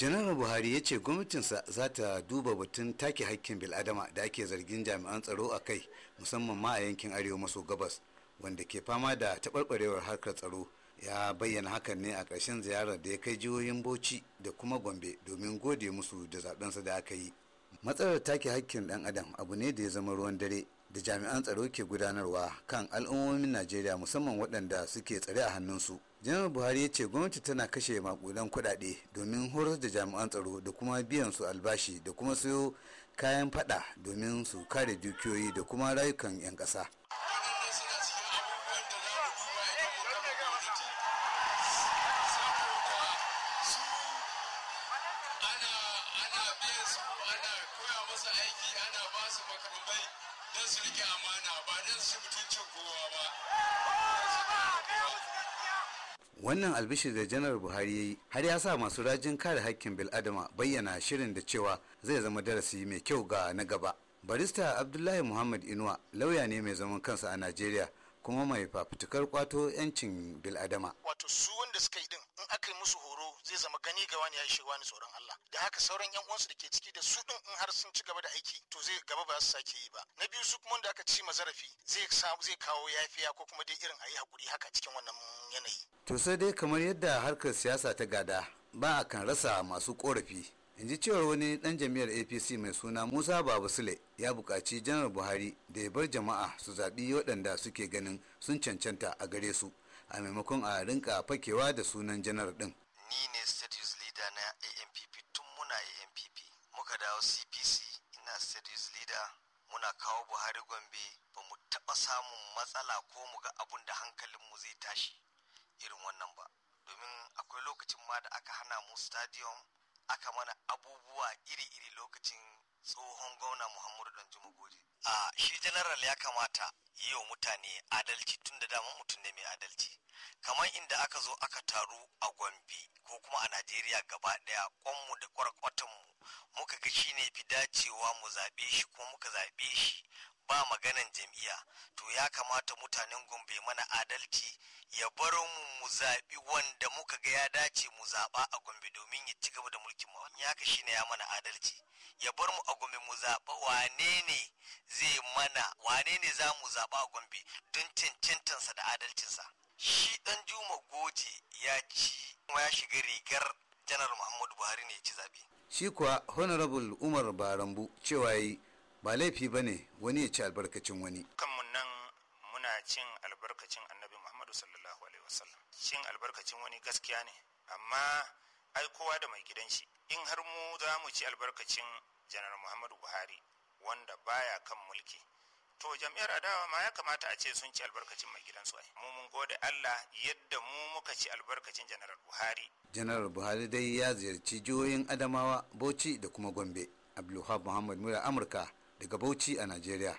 janaral buhari ya ce gwamnatinsa za ta duba batun take hakkin biladama da ake zargin jami'an tsaro a kai musamman ma a yankin arewa maso gabas wanda ke fama da taɓarɓarewar harkar tsaro ya bayyana hakan ne a ƙarshen ziyarar da ya kai jihohin bauchi da kuma gombe domin gode musu da zaɓensa da aka yi matsalar take hakkin ɗan adam abu ne da ya zama ruwan dare da jami'an tsaro ke gudanarwa kan al'ummomin najeriya musamman waɗanda suke tsare a hannunsu janar buhari ya ce gwamnati tana kashe makudan kuɗaɗe domin horar da jami'an tsaro da kuma biyan su albashi da kuma sayo kayan fada domin su kare dukiyoyi da kuma rayukan 'yan ƙasa ana biyan su ana koya masa aiki ana ba su makamai ba kowa ba wannan albishir da janar buhari ya yi har ya sa masu rajin kare hakkin bil'adama bayyana shirin da cewa zai zama darasi mai kyau ga na gaba barista abdullahi muhammad inuwa lauya ne mai zaman kansa a najeriya kuma mai fafutukar kwato 'yancin biladama. Wato su wanda suka yi din in aka yi musu horo zai zama gani ga wani ya shewa ni tsoron Allah. Da haka sauran 'yan uwansu da ke ciki da su din in har sun ci gaba da aiki to zai gaba ba su sake yi ba. Na biyu su kuma wanda aka ci mazarafi zai zai kawo yafiya ko kuma dai irin a yi hakuri haka cikin wannan yanayi. To sai dai kamar yadda harkar siyasa ta gada ba a kan rasa masu korafi in ji cewar wani dan jam'iyyar apc mai suna musa babu sule ya buƙaci janar buhari da ya bar jama'a su zaɓi waɗanda suke ganin sun cancanta a gare su a maimakon a rinka fakewa da sunan janar ɗin ni ne state youth leader na ampp tun muna ampp muka dawo cpc ina state youth leader muna kawo buhari gombe ba mu taɓa samun matsala ko mu ga abun da hankalinmu zai tashi irin wannan ba domin akwai lokacin ma da aka hana mu stadium aka mana abubuwa iri-iri lokacin tsohon gwamna muhammadu danjuma gode a shi janaral ya kamata yi wa mutane adalci tun da dama mutum ne mai adalci kamar inda aka zo aka taru a gombe ko kuma a najeriya gaba daya kwanmu da kwarkwatanmu muka ga shi ne fi dacewa mu zaɓe shi ko muka zaɓe shi ba maganan jam'iyya to ya kamata mutanen gombe mana adalci ya bar mu mu zaɓi wanda muka ga ya dace mu zaɓa a Gombe domin ya ci gaba da mulkin mu ya ka shine ya mana adalci ya bar mu a Gombe mu zaɓa wane ne zai mana wane ne za mu zaɓa a Gombe don cancantansa da adalcinsa shi dan Juma Goje ya ci kuma ya shiga rigar janar Muhammadu Buhari ne ya ci zaɓe shi kuwa honorable Umar Barambu cewa yi ba laifi ba ne wani ya ci albarkacin wani kanmu nan muna cin albarkacin wasallam shin albarkacin wani gaskiya ne amma ai kowa da mai gidan shi in har mu za mu ci albarkacin janar muhammadu buhari wanda baya kan mulki to jam'iyyar adawa ma ya kamata a ce sun ci albarkacin mai gidansu ai mu mun gode Allah yadda mu muka ci albarkacin janar Buhari janar Buhari dai ya ziyarci jihohin Adamawa Bauchi da kuma Gombe Abdulhab Muhammad Mura Amurka daga Bauchi a Najeriya